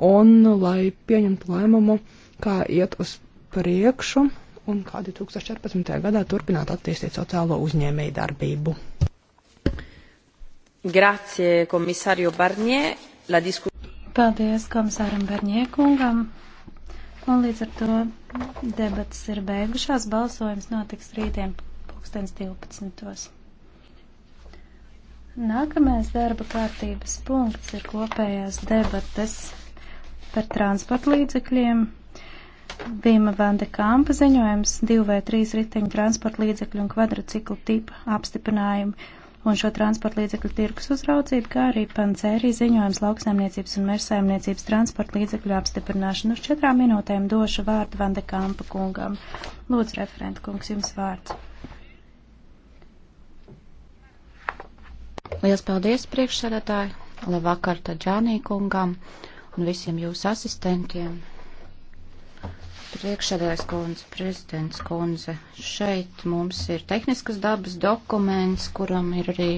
un lai pieņemtu lēmumu, kā iet uz priekšu un kā 2014. gadā turpināt attīstīt sociālo uzņēmēju darbību. Grazie, komisāriju Barnie. Disku... Paldies komisāram Barnie kungam. Un līdz ar to debats ir beigušās. Balsojums notiks rītdien pulkstens 12. Nākamais darba kārtības punkts ir kopējās debates par transporta līdzekļiem. Vīma Vande Kampa ziņojums divu vai trīs riteņu transporta līdzekļu un kvadraciklu tipu apstiprinājumu un šo transporta līdzekļu tirgus uzraudzību, kā arī pancērī ziņojums lauksaimniecības un mežsaimniecības transporta līdzekļu apstiprināšanu. Uz četrām minūtēm došu vārdu Vande Kampa kungam. Lūdzu, referenta kungs, jums vārds. Lielas paldies priekšsēdētāji, labvakar Taģānī kungam. Uh, un visiem jūsu asistentiem. Priekšsēdājas kundze, prezidents kundze, šeit mums ir tehniskas dabas dokuments, kuram ir arī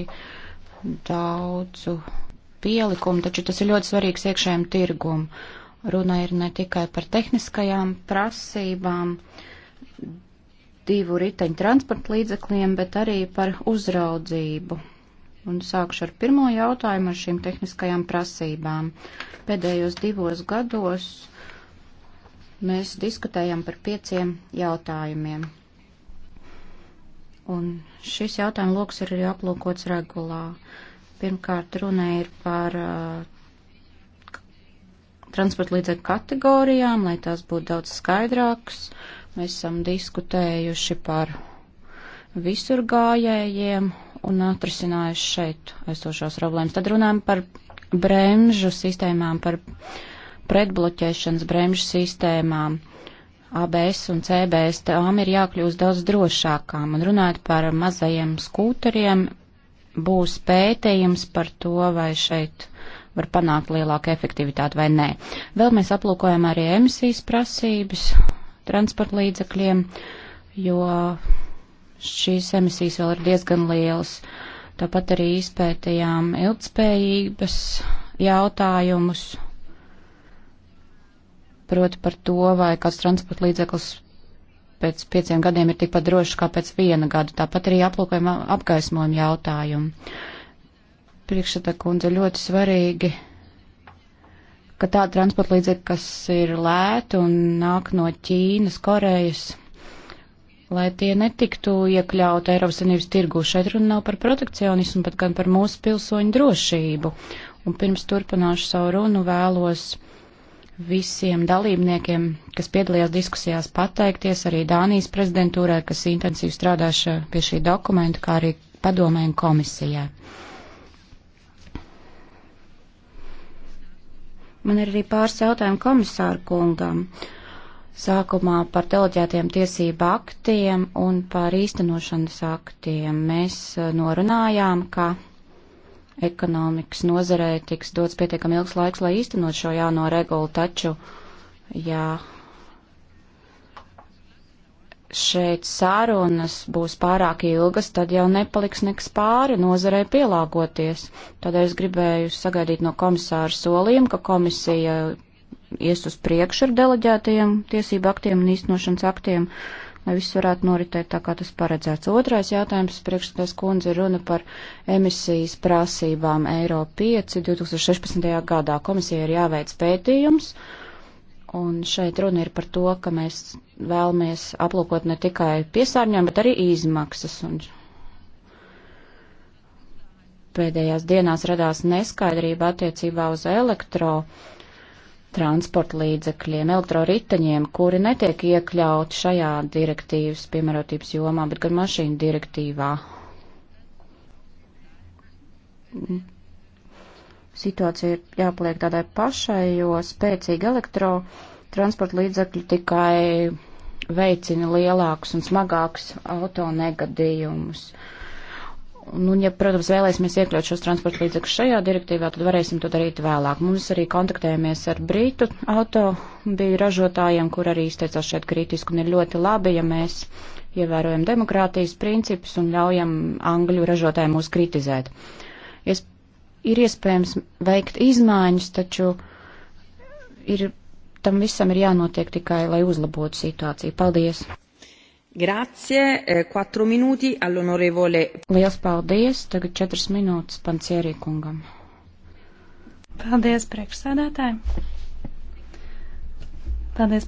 daudzu pielikumu, taču tas ir ļoti svarīgs iekšējiem tirgum. Runa ir ne tikai par tehniskajām prasībām, divu riteņu transporta līdzekļiem, bet arī par uzraudzību Un sākšu ar pirmo jautājumu ar šīm tehniskajām prasībām. Pēdējos divos gados mēs diskutējam par pieciem jautājumiem. Un šis jautājuma lokus ir arī aplūkots regulā. Pirmkārt, runa ir par uh, transporta līdzekļu kategorijām, lai tās būtu daudz skaidrākas. Mēs esam diskutējuši par visurgājējiem un atrisinājuši šeit esošās problēmas. Tad runājam par bremžu sistēmām, par pretbloķēšanas bremžu sistēmām. ABS un CBS tām ir jākļūst daudz drošākām. Un runājot par mazajiem skūteriem, būs pētījums par to, vai šeit var panākt lielāku efektivitāti vai nē. Vēl mēs aplūkojam arī emisijas prasības transporta līdzekļiem, jo šīs emisijas vēl ir diezgan lielas. Tāpat arī izpētījām ilgspējības jautājumus, proti par to, vai kāds transporta līdzeklis pēc pieciem gadiem ir tikpat drošs kā pēc viena gada. Tāpat arī aplūkojam apgaismojumu jautājumu. Priekšsata kundze ļoti svarīgi, ka tāda transporta līdzekļa, kas ir lēta un nāk no Ķīnas, Korejas, lai tie netiktu iekļauti Eiropas Savienības tirgū. Šeit runa nav par protekcionismu, bet gan par mūsu pilsoņu drošību. Un pirms turpināšu savu runu vēlos visiem dalībniekiem, kas piedalījās diskusijās, pateikties arī Dānijas prezidentūrai, kas intensīvi strādāš pie šī dokumenta, kā arī padomēm komisijai. Man ir arī pāris jautājumu komisāru kungam. Uh, sākumā par deleģētiem tiesību aktiem un par īstenošanas aktiem. Mēs eh, norunājām, ka ekonomikas nozarē tiks dots pietiekami ilgs laiks, lai īstenot šo jauno regulu, taču, ja šeit sārunas būs pārāk ilgas, tad jau nepaliks nekas pāri nozarē pielāgoties. Tādēļ es gribēju sagaidīt no komisāra solījumu, ka komisija ies uz priekšu ar deleģētajiem tiesību aktiem un īstenošanas aktiem, lai viss varētu noritēt tā, kā tas paredzēts. Otrais jautājums priekšstādās kundze ir runa par emisijas prasībām Eiro 5 2016. gadā. Komisija ir jāveic pētījums, un šeit runa ir par to, ka mēs vēlamies aplūkot ne tikai piesārņojumu, bet arī izmaksas. Un pēdējās dienās radās neskaidrība attiecībā uz elektro transporta līdzekļiem, elektroriteņiem, kuri netiek iekļauti šajā direktīvas piemērotības jomā, bet gan mašīnu direktīvā. Situācija ir jāpaliek tādai pašai, jo spēcīgi elektrotransporta līdzekļi tikai veicina lielākus un smagākus autonegadījumus. negadījumus Nu, ja, protams, vēlēsimies iekļaut šos transporta līdzekļus šajā direktīvā, tad varēsim to darīt vēlāk. Mums arī kontaktējamies ar brītu autobīļu ražotājiem, kur arī izteicās šeit kritiski, un ir ļoti labi, ja mēs ievērojam demokrātijas principus un ļaujam angļu ražotājiem mūs kritizēt. Es, ir iespējams veikt izmaiņas, taču ir, tam visam ir jānotiek tikai, lai uzlabotu situāciju. Paldies! Grazie, eh, quattro minūti all'onorevole. Liels paldies, tagad četras minūtes pancierī kungam. Paldies, priekšsēdētāji. Paldies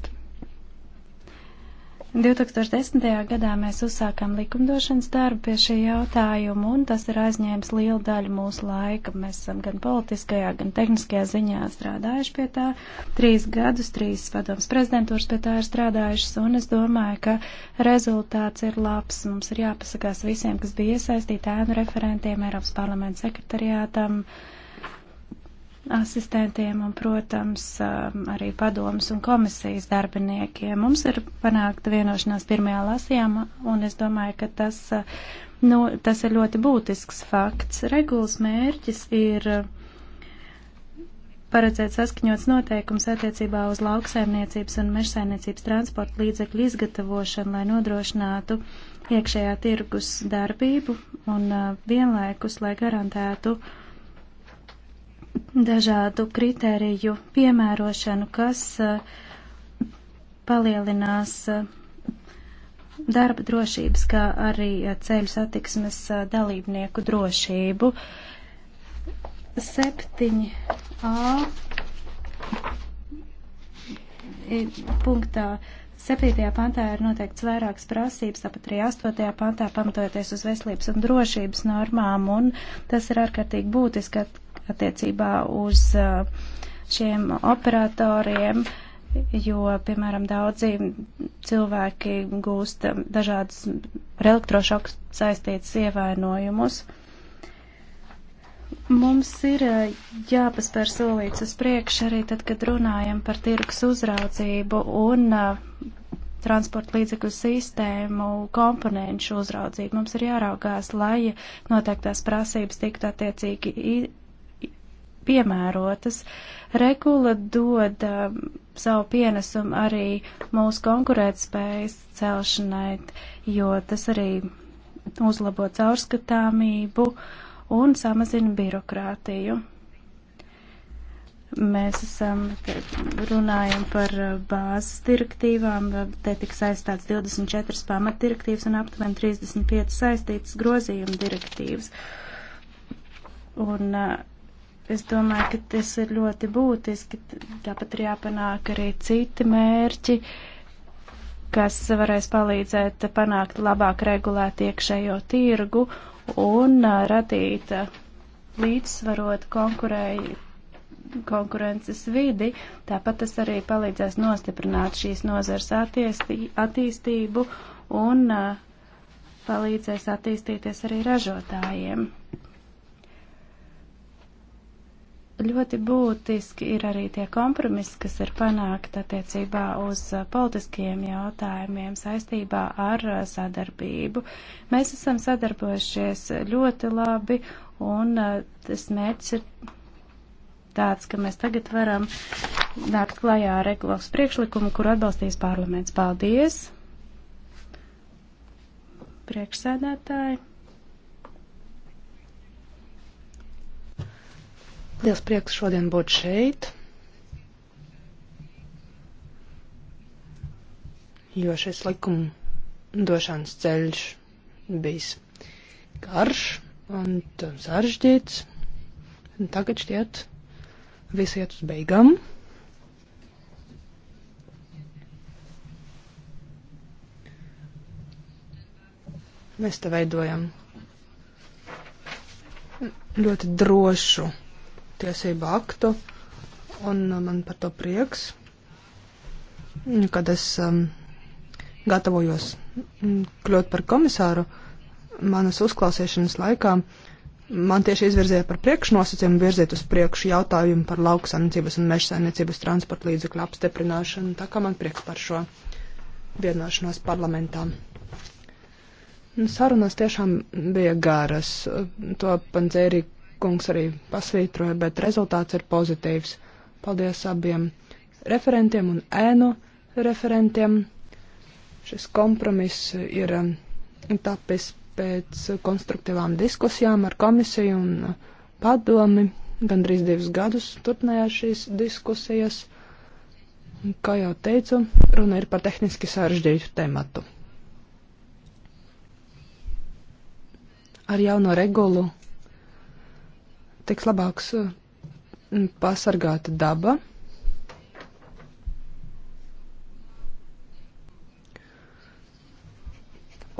2010. gadā mēs uzsākām likumdošanas darbu pie šī jautājuma, un tas ir aizņēmis lielu daļu mūsu laika. Mēs esam gan politiskajā, gan tehniskajā ziņā strādājuši pie tā. Trīs gadus, trīs padomas prezidentūras pie tā ir strādājušas, un es domāju, ka rezultāts ir labs. Mums ir jāpasakās visiem, kas bija iesaistīti ēnu referentiem, Eiropas parlamenta sekretariātam. Uh, asistentiem un, protams, um, arī padomas un komisijas darbiniekiem. Mums ir panākta vienošanās pirmajā lasījumā, un es domāju, ka tas, uh, nu, tas ir ļoti būtisks fakts. Regulas mērķis ir uh, paredzēt saskaņots noteikums attiecībā uz lauksaimniecības un mežsaimniecības transporta līdzekļu izgatavošanu, lai nodrošinātu iekšējā tirgus darbību un uh, vienlaikus, lai garantētu uh, dažādu kritēriju piemērošanu, kas uh, palielinās uh, darba drošības, kā arī uh, ceļu satiksmes dalībnieku drošību. 7a punktā 7. pantā ir noteikts vairākas prasības, tāpat arī 8. pantā pamatojoties uz veselības un drošības normām, un tas ir ārkārtīgi būtiski attiecībā uz uh, šiem operatoriem, jo, piemēram, daudzi cilvēki gūst dažādas ar elektrošoku saistītas ievainojumus. Mums ir uh, jāpaspēr solīts uz priekšu arī tad, kad runājam par tirgus uzraudzību un uh, transporta līdzekļu sistēmu komponenšu uzraudzību. Mums ir jāraugās, lai noteiktās prasības tiktu attiecīgi piemērotas. Regula dod um, savu pienesumu arī mūsu konkurētspējas celšanai, jo tas arī uzlabo caurskatāmību un samazina birokrātiju. Mēs esam runājam par bāzes direktīvām, te tiks aizstāts 24 pamatdirektīvas un aptuveni 35 saistītas grozījuma direktīvas. Un uh, Es domāju, ka tas ir ļoti būtiski. Tāpat ir jāpanāk arī citi mērķi, kas varēs palīdzēt panākt labāk regulēt iekšējo tirgu un radīt līdzsvarot konkurēju konkurences vidi, tāpat tas arī palīdzēs nostiprināt šīs nozars attiesti, attīstību un palīdzēs attīstīties arī ražotājiem. Ļoti būtiski ir arī tie kompromisi, kas ir panākti attiecībā uz uh, politiskiem jautājumiem saistībā ar uh, sadarbību. Mēs esam sadarbojušies ļoti labi, un uh, tas mērķis ir tāds, ka mēs tagad varam nākt klajā ar regulāru priekšlikumu, kur atbalstīs parlaments. Paldies! Priekšsēdētāji! Liels prieks šodien būt šeit, jo šis likuma došanas ceļš bijis garš un sarežģīts. Tagad šķiet, viss iet uz beigām. Mēs te veidojam ļoti drošu tiesību aktu, un uh, man par to prieks, kad es um, gatavojos mm, kļūt par komisāru, manas uzklausīšanas laikā man tieši izvirzīja par priekšnosacījumu virzīt uz priekšu jautājumu par lauksaimniecības un mežsaimniecības transporta līdzekļu apstiprināšanu, tā kā man prieks par šo vienošanos parlamentā. Sarunas tiešām bija garas. To Pandzēri kungs arī pasvītroja, bet rezultāts ir pozitīvs. Paldies abiem referentiem un ēnu referentiem. Šis kompromiss ir um, tapis pēc konstruktīvām diskusijām ar komisiju un uh, padomi. Gandrīz divus gadus turpinājās šīs diskusijas. Kā jau teicu, runa ir par tehniski sarežģītu tematu. Ar jauno regulu tiks labāks eh, pasargāta daba.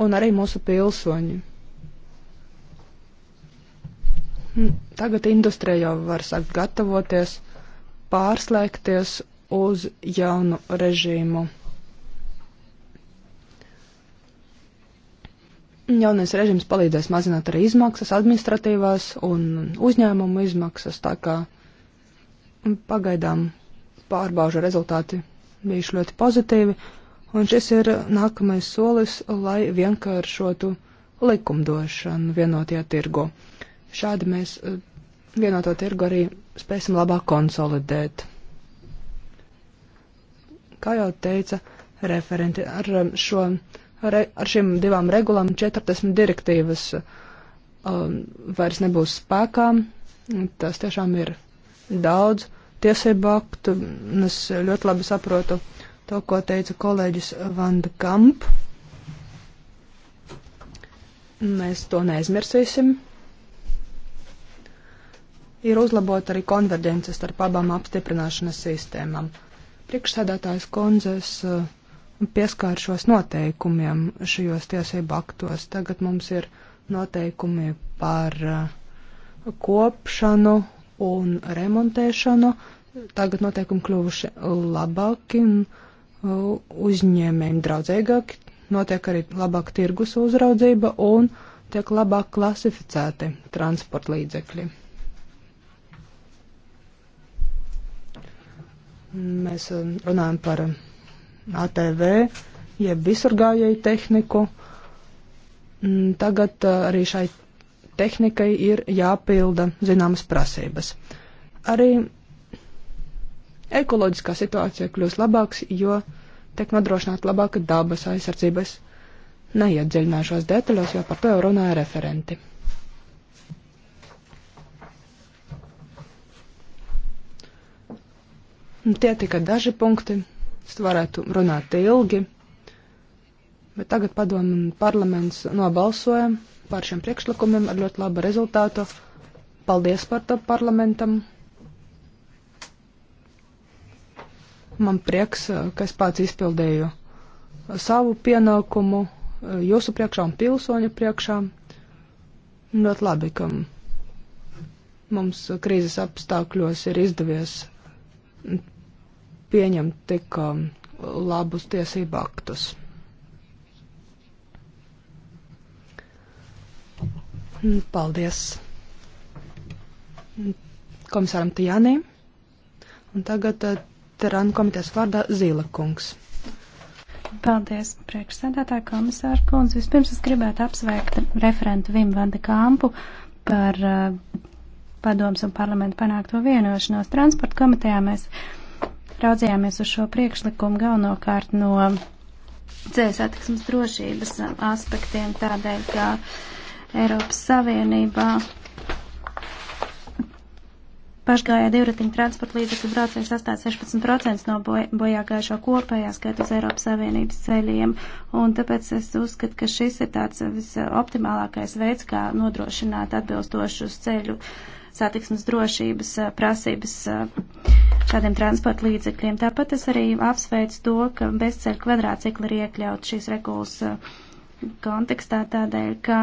Un arī mūsu pilsoņi. Tagad industrijā jau var sākt gatavoties, pārslēgties uz jaunu režīmu. Jaunais režims palīdzēs mazināt arī izmaksas, administratīvās un uzņēmumu izmaksas, tā kā pagaidām pārbaužu rezultāti bijuši ļoti pozitīvi, un šis ir nākamais solis, lai vienkāršotu likumdošanu vienotajā tirgu. Šādi mēs eh, vienoto tirgu arī spēsim labāk konsolidēt. Kā jau teica referenti, ar šo re, ar šīm divām regulām 40 direktīvas um, vairs nebūs spēkā. Tas tiešām ir daudz tiesību aktu, un es ļoti labi saprotu to, ko teica kolēģis Vanda Kamp. Mēs to neaizmirsīsim. Ir uzlabota arī konverģence starp abām apstiprināšanas sistēmām. Priekšsēdētājs Konzes uh, pieskāršos noteikumiem šajos tiesību aktos. Tagad mums ir noteikumi par uh, kopšanu un remontēšanu. Tagad noteikumi kļuvuši labāki un uh, uzņēmējiem draudzīgāki. Notiek arī labāka tirgus uzraudzība un tiek labāk klasificēti transporta līdzekļi. Mēs um, runājam par ATV, jeb visurgājēju tehniku. Mm, tagad eh, arī šai tehnikai ir jāpilda zināmas prasības. Arī ekoloģiskā situācija kļūst labāks, jo tiek nodrošināta labāka dabas aizsardzības. Neiedziļināšos detaļos, jo par to jau runāja referenti. Tie tikai daži punkti, Es varētu runāt ilgi, bet tagad padomu un parlaments nobalsoja par šiem priekšlikumiem ar ļoti labu rezultātu. Paldies par to parlamentam. Man prieks, ka es pats izpildēju savu pienākumu jūsu priekšā un pilsoņu priekšā. Ļoti labi, ka mums krīzes apstākļos ir izdevies pieņemt tik um, labus tiesību aktus. Paldies komisāram Tajānī. Un tagad uh, Terānu komitejas vārdā Zīla kungs. Paldies, priekšsēdētāja komisāra kundze. Vispirms es gribētu apsveikt referentu Vimu Vanda Kampu par uh, padoms un parlamentu panākto vienošanos. Transporta komitejā mēs uh, raudzījāmies uz šo priekšlikumu galvenokārt no ceļu satiksmes drošības aspektiem, tādēļ, ka Eiropas Savienībā pašgājā divratiņu transporta līdzekļu braucēji sastāv 16% no boj bojā gājušo kopējā skaita uz Eiropas Savienības ceļiem, un tāpēc es uzskatu, ka šis ir tāds visoptimālākais veids, kā nodrošināt atbilstošus ceļu uh, satiksmes drošības prasības šādiem transporta līdzekļiem. Tāpat es arī apsveicu to, ka bezceļa kvadrātcikli ir iekļaut šīs regulas kontekstā tādēļ, ka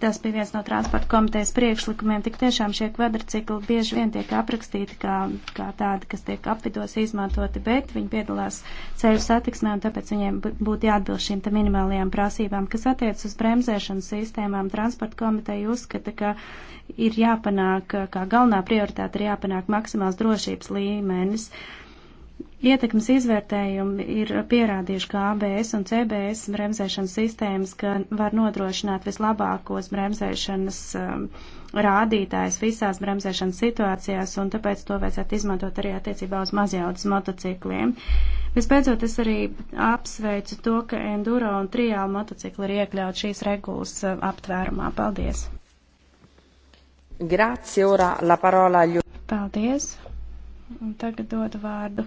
Tas bija viens no transporta komitejas priekšlikumiem. Tik tiešām šie kvadrcikli bieži vien tiek aprakstīti kā, kā tādi, kas tiek apvidos izmantoti, bet viņi piedalās ceļu satiksmē un tāpēc viņiem būtu jāatbilst šīm minimālajām prasībām. Kas attiec uz bremzēšanas sistēmām, transporta komiteja uzskata, ka ir jāpanāk, kā galvenā prioritāte ir jāpanāk maksimāls drošības līmenis. Uh, Ietekmes izvērtējumi ir pierādījuši, ka ABS un CBS bremzēšanas sistēmas gan var nodrošināt vislabākos bremzēšanas um, rādītājs visās bremzēšanas situācijās, un tāpēc to vajadzētu izmantot arī attiecībā uz mazjaudas motocikliem. Vispēcot, es arī apsveicu to, ka enduro un triāla motocikli ir iekļaut šīs regulas uh, aptvērumā. Paldies! Grazie, ora, la parola agli... Paldies! Un tagad dodu vārdu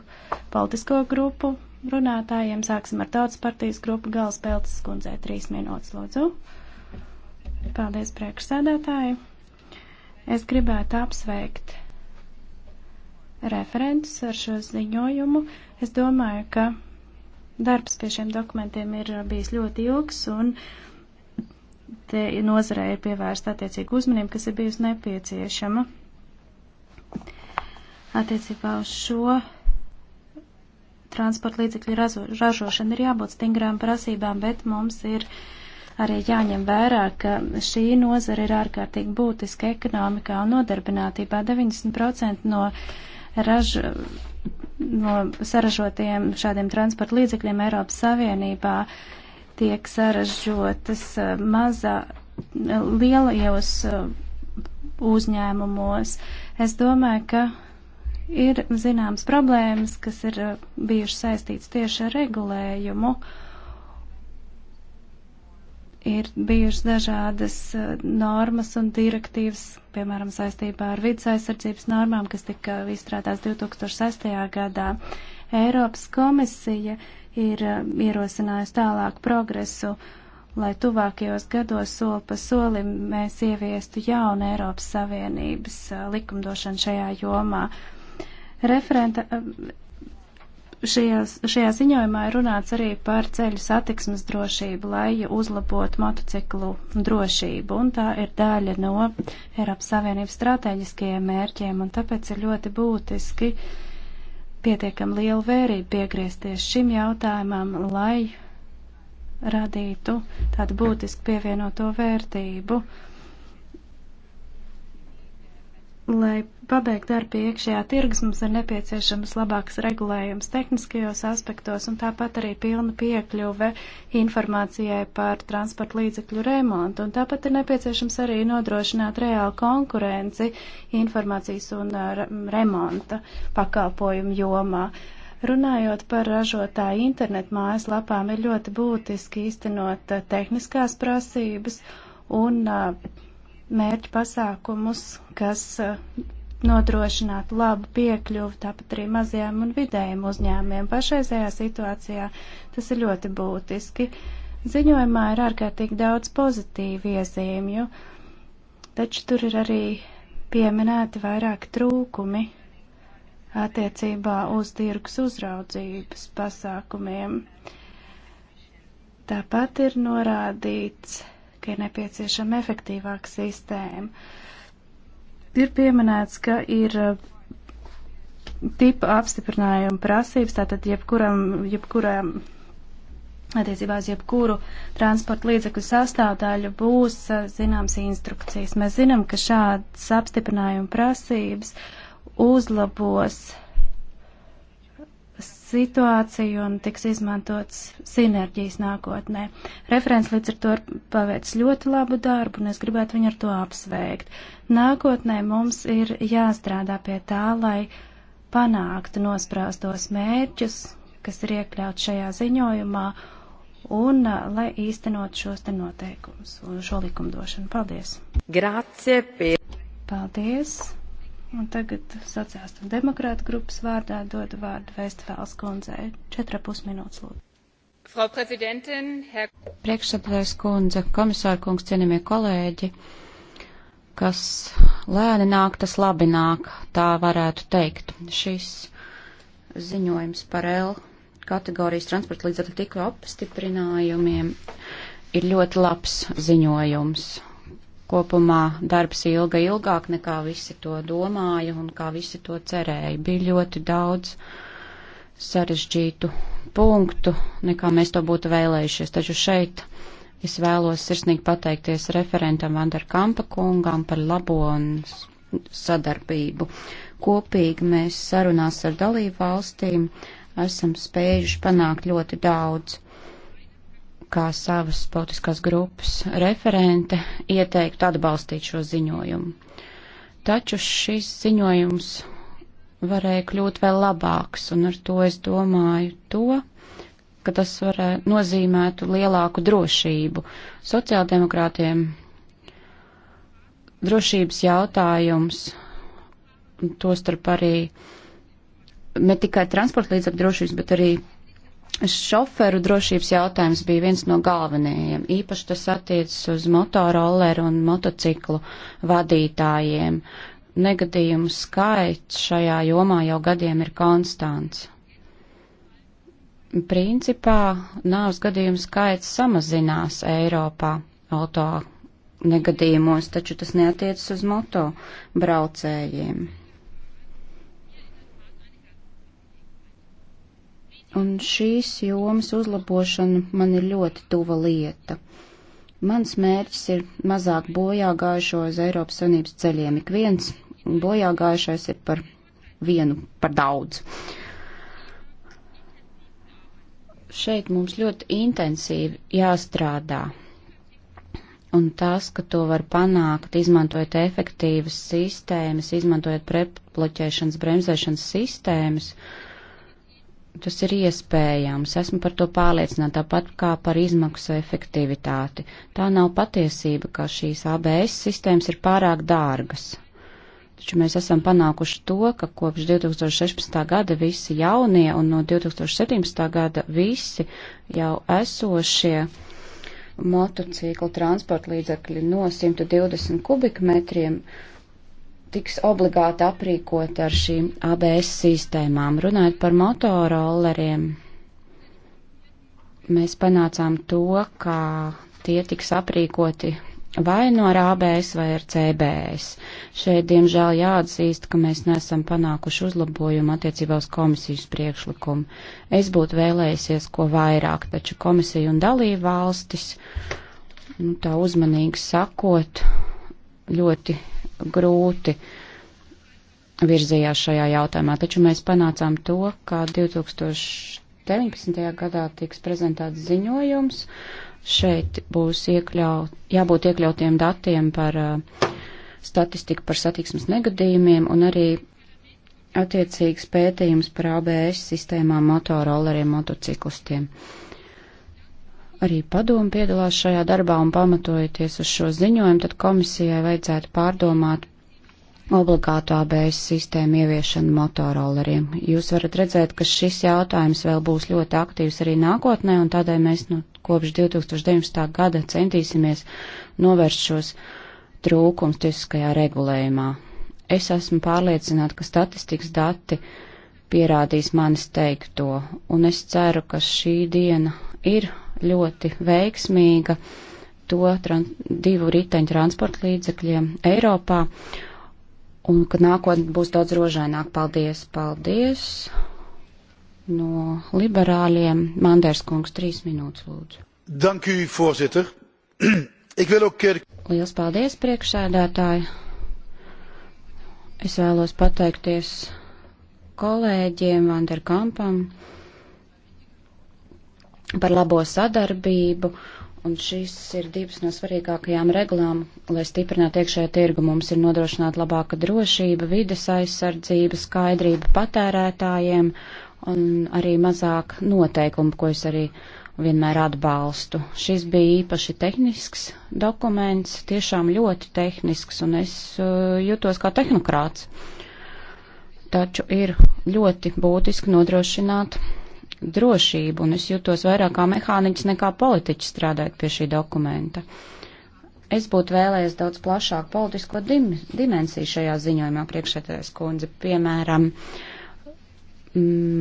politisko grupu runātājiem. Sāksim ar tautas partijas grupu Gals Peltas kundzē. Trīs minūtes, lūdzu. Paldies, priekšsēdētāji. Es gribētu apsveikt referentus ar šo ziņojumu. Es domāju, ka darbs pie šiem dokumentiem ir bijis ļoti ilgs un te nozarē ir pievērsta attiecīga uzmanība, kas ir bijusi nepieciešama. Attiecībā uz šo transporta līdzekļu razo, ražošanu ir jābūt stingrām prasībām, bet mums ir arī jāņem vērā, ka šī nozara ir ārkārtīgi būtiska ekonomikā un nodarbinātībā. 90% no, raž, no saražotiem šādiem transporta līdzekļiem Eiropas Savienībā tiek saražotas uh, maza uh, lielajos uh, uzņēmumos. Es domāju, ka Ir zināmas problēmas, kas ir eh, bijušas saistītas tieši ar regulējumu. Ir bijušas dažādas eh, normas un direktīvas, piemēram, saistībā ar vidas aizsardzības normām, kas tika eh, izstrādāts 2006. gadā. Eiropas komisija ir ierosinājusi tālāk progresu lai tuvākajos gados soli pa solim mēs ieviestu jaunu Eiropas Savienības likumdošanu šajā jomā. Referenta eh, šajās, šajā ziņojumā ir runāts arī par ceļu satiksmes drošību, lai uzlabotu motociklu drošību, un tā ir daļa no Eiropas Savienības strateģiskajiem mērķiem, un tāpēc ir ļoti būtiski pietiekam lielu vērību piegriezties šim jautājumam, lai radītu tādu būtisku pievienoto vērtību. Uh, Lai pabeigtu darbu pie iekšējā tirgus, mums ir nepieciešams labāks regulējums tehniskajos aspektos un tāpat arī pilna piekļuve informācijai par transporta līdzekļu remontu. Un tāpat ir nepieciešams arī nodrošināt reālu konkurenci informācijas un uh, remonta pakalpojumu jomā. Runājot par ražotāju internetu mājaslapām, ir ļoti būtiski īstenot uh, tehniskās prasības un uh, mērķu pasākumus, kas eh, nodrošinātu labu piekļuvu tāpat arī mazajām un vidējiem uzņēmiem. Pašreizējā situācijā tas ir ļoti būtiski. Ziņojumā ir ārkārtīgi daudz pozitīvu iezīmju, taču tur ir arī pieminēti vairāki trūkumi attiecībā uz tirgus uzraudzības pasākumiem. Tāpat ir norādīts ka ir nepieciešama efektīvāka sistēma. Ir pieminēts, ka ir uh, tipa apstiprinājuma prasības, tātad jebkuram, jebkuram attiecībā uz jebkuru transporta līdzekļu sastāvdaļu būs uh, zināms instrukcijas. Mēs zinām, ka šāds apstiprinājuma prasības uzlabos situāciju un tiks izmantots sinerģijas nākotnē. Referents līdz ar to paveic ļoti labu darbu un es gribētu viņu ar to apsveikt. Nākotnē mums ir jāstrādā pie tā, lai panāktu nosprāstos mērķus, kas ir iekļauts šajā ziņojumā un uh, lai īstenot šos te noteikumus un šo likumdošanu. Paldies! Grācie pie! Paldies! Un tagad sociālistu un demokrātu grupas vārdā dodu vārdu Vēstfēls kundzei. Četra pusminūtes lūdzu. Frau Präsidentin, Herr Priekšsēdētājs kundze, komisāra kungs, cienījamie kolēģi, kas lēni nāk, tas labi nāk, tā varētu teikt. Šis ziņojums par L kategorijas transporta līdzekļu tikko apstiprinājumiem ir ļoti labs ziņojums. Kopumā darbs ilga ilgāk nekā visi to domāja un kā visi to cerēja. Bija ļoti daudz sarežģītu punktu, nekā mēs to būtu vēlējušies. Taču šeit es vēlos sirsnīgi pateikties referentam Vandarkampa kungam par labo un sadarbību. Kopīgi mēs sarunās ar dalību valstīm esam spējuši panākt ļoti daudz kā savas politiskās grupas referente ieteiktu atbalstīt šo ziņojumu. Taču šis ziņojums varēja kļūt vēl labāks, un ar to es domāju to, ka tas varē, nozīmētu lielāku drošību. Sociāldemokrātiem drošības jautājums, tostarp arī ne tikai transporta līdzekļu drošības, bet arī Šoferu drošības jautājums bija viens no galvenajiem. Īpaši tas attiecas uz motorolleru un motociklu vadītājiem. Negadījumu skaits šajā jomā jau gadiem ir konstants. Principā nāvs gadījumu skaits samazinās Eiropā auto negadījumos, taču tas neatiecas uz moto braucējiem. un šīs jomas uzlabošana man ir ļoti tuva lieta. Mans mērķis ir mazāk bojāgājušo uz Eiropas Savienības ceļiem. Ik viens bojāgājušais ir par vienu par daudz. Šeit mums ļoti intensīvi jāstrādā. Un tas, ka to var panākt, izmantojot efektīvas sistēmas, izmantojot pretbloķēšanas, bremzēšanas sistēmas, uh, tas ir iespējams. Esmu par to pārliecināta, tāpat kā par izmaksu efektivitāti. Tā nav patiesība, ka šīs ABS sistēmas ir pārāk dārgas. Taču mēs esam panākuši to, ka kopš 2016. gada visi jaunie un no 2017. gada visi jau esošie motociklu transporta līdzekļi no 120 kubikmetriem uh, tiks obligāti aprīkot ar šīm ABS sistēmām. Runājot par motorolleriem, mēs panācām to, ka tie tiks aprīkoti vai no ar ABS vai ar CBS. Šeit, diemžēl, jāatzīst, ka mēs nesam panākuši uzlabojumu attiecībā uz komisijas priekšlikumu. Es būtu vēlējusies ko vairāk, taču komisija un dalība valstis, nu, tā uzmanīgi sakot, ļoti grūti virzījās šajā jautājumā, taču mēs panācām to, ka 2019. gadā tiks prezentēts ziņojums. Šeit būs iekļaut, jābūt iekļautiem datiem par uh, statistiku par satiksmes negadījumiem un arī attiecīgs pētījums par ABS sistēmām motoroleriem, motociklistiem. Uh, arī padomu piedalās šajā darbā un pamatojoties uz šo ziņojumu, tad komisijai vajadzētu pārdomāt obligātu ABS sistēmu ieviešanu motoroleriem. Jūs varat redzēt, ka šis jautājums vēl būs ļoti aktīvs arī nākotnē, un tādēļ mēs nu, kopš 2019. gada centīsimies novērst šos trūkums tiesiskajā regulējumā. Es esmu pārliecināta, ka statistikas dati pierādīs manis teikto, un es ceru, ka šī diena ir ļoti veiksmīga to divu riteņu transporta līdzekļiem Eiropā, un ka nākotnē būs daudz rožaināk. Paldies, paldies! No liberāļiem Manders kungs, trīs minūtes lūdzu. Dank u, voorzitter. Ik wil ook... Liels paldies, priekšsēdētāji. Es vēlos pateikties kolēģiem Vanderkampam. Kampam par labo sadarbību, un šīs ir divas no svarīgākajām regulām, lai stiprinātu iekšējo tirgu. Mums ir nodrošināta labāka drošība, vides aizsardzība, skaidrība patērētājiem un arī mazāk noteikumu, ko es arī vienmēr atbalstu. Šis bija īpaši tehnisks dokuments, tiešām ļoti tehnisks, un es uh, jutos kā tehnokrāts. Taču ir ļoti būtiski nodrošināt drošību, un es jūtos vairāk kā mehāniķis nekā politiķis strādājot pie šī dokumenta. Es būtu vēlējies daudz plašāku politisko dim dimensiju šajā ziņojumā priekšētājs kundze. Piemēram,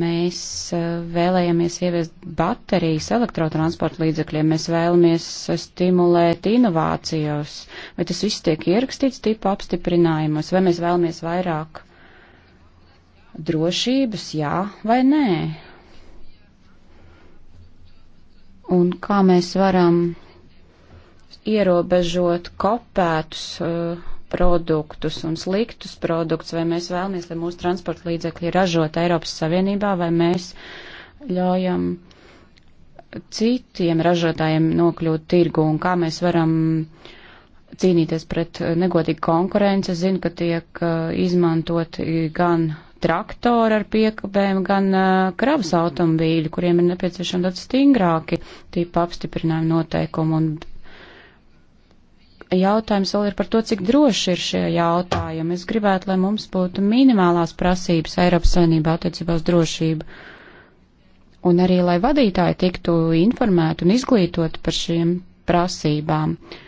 mēs uh, vēlējamies ieviest baterijas elektrotransporta līdzekļiem, mēs vēlamies uh, stimulēt inovācijos, vai tas viss tiek ierakstīts tipa apstiprinājumos, vai mēs vēlamies vairāk drošības, jā vai nē un kā mēs varam ierobežot kopētus uh, produktus un sliktus produktus, vai mēs vēlamies, lai mūsu transporta līdzekļi ražot Eiropas Savienībā, vai mēs ļaujam citiem ražotājiem nokļūt tirgu un kā mēs varam cīnīties pret negodīgu konkurenci. Es zinu, ka tiek uh, izmantoti gan traktori ar piekabēm, gan uh, kravas automobīļi, kuriem ir nepieciešami daudz stingrāki tīpa apstiprinājuma noteikumi. Un jautājums vēl ir par to, cik droši ir šie jautājumi. Es gribētu, lai mums būtu minimālās prasības Eiropas Savienībā attiecībā uz drošību. Un arī, lai vadītāji tiktu informēti un izglītoti par šiem prasībām. Uh,